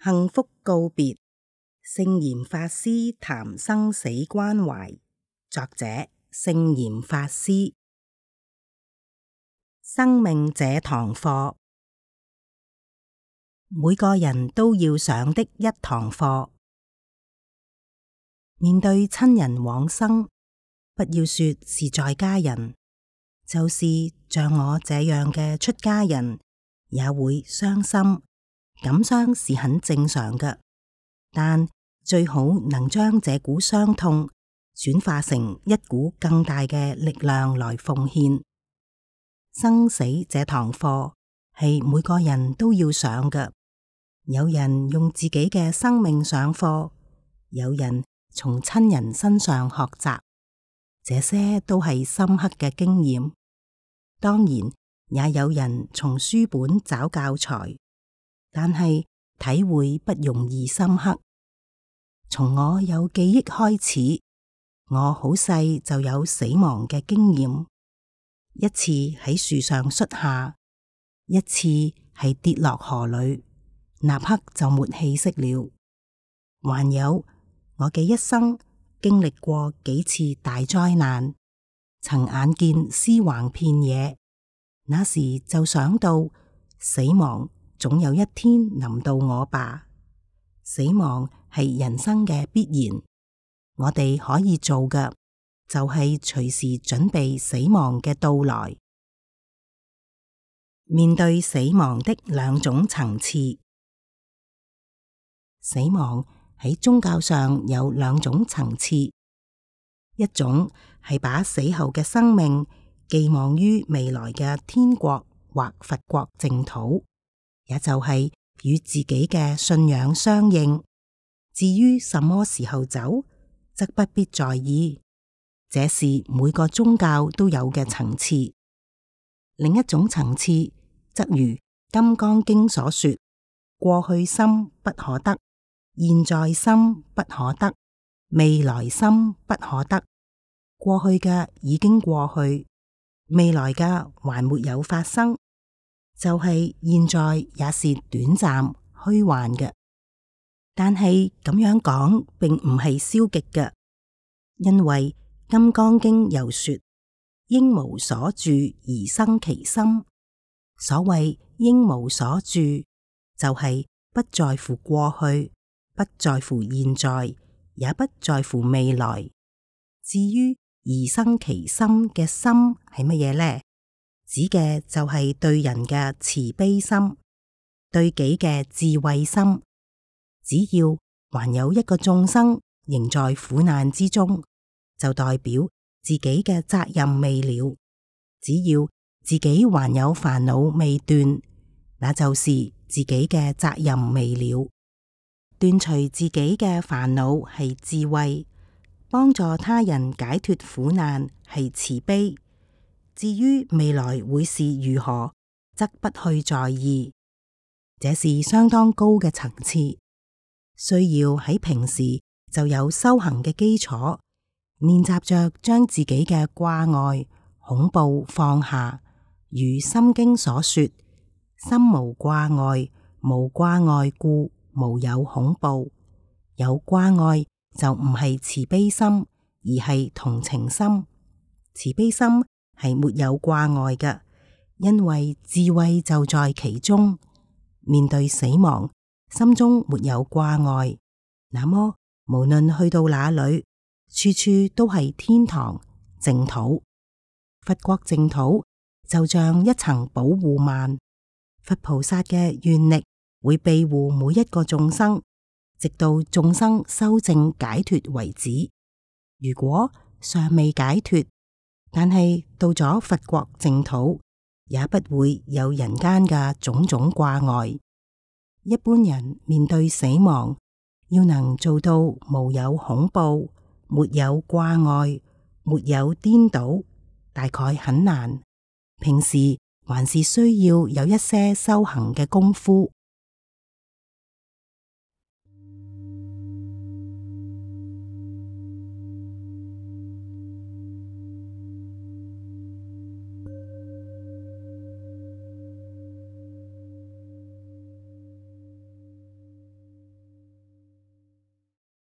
幸福告別，聖嚴法師談生死關懷。作者：聖嚴法師。生命這堂課，每個人都要上的一堂課。面對親人往生，不要說是在家人，就是像我這樣嘅出家人，也會傷心。感傷是很正常嘅，但最好能將這股傷痛轉化成一股更大嘅力量來奉獻。生死這堂課係每個人都要上嘅，有人用自己嘅生命上課，有人從親人身上學習，這些都係深刻嘅經驗。當然，也有人從書本找教材。但係體會不容易深刻。從我有記憶開始，我好細就有死亡嘅經驗，一次喺樹上摔下，一次係跌落河裏，立刻就沒氣息了。還有，我嘅一生經歷過幾次大災難，曾眼見屍橫遍野，那時就想到死亡。總有一天臨到我吧。死亡係人生嘅必然，我哋可以做嘅就係、是、隨時準備死亡嘅到來。面對死亡的兩種層次，死亡喺宗教上有兩種層次，一種係把死後嘅生命寄望於未來嘅天國或佛國淨土。也就係與自己嘅信仰相應。至於什麼時候走，則不必在意。這是每個宗教都有嘅層次。另一種層次，則如《金剛經》所說：過去心不可得，現在心不可得，未來心不可得。過去嘅已經過去，未來嘅還沒有發生。就係現在，也是短暫虛幻嘅。但係咁樣講，並唔係消極嘅，因為《金剛經》又說應無所住而生其心。所謂應無所住，就係不在乎過去，不在乎現在，也不在乎未來。至於而生其心嘅心係乜嘢呢？指嘅就係對人嘅慈悲心，對己嘅智慧心。只要還有一個眾生仍在苦難之中，就代表自己嘅責任未了。只要自己還有煩惱未斷，那就是自己嘅責任未了。斷除自己嘅煩惱係智慧，幫助他人解脫苦難係慈悲。至於未來會是如何，則不去在意，這是相當高嘅層次，需要喺平時就有修行嘅基礎，練習着將自己嘅掛礙、恐怖放下。如《心經》所說：心無掛礙，無掛礙故，無有恐怖。有掛礙就唔係慈悲心，而係同情心，慈悲心。係沒有掛礙嘅，因為智慧就在其中。面對死亡，心中沒有掛礙，那麼無論去到哪裏，處處都係天堂淨土。佛國淨土就像一層保護幔，佛菩薩嘅願力會庇護每一個眾生，直到眾生修正解脫為止。如果尚未解脫，但係到咗佛國淨土，也不會有人間嘅種種掛礙。一般人面對死亡，要能做到無有恐怖、沒有掛礙、沒有顛倒，大概很難。平時還是需要有一些修行嘅功夫。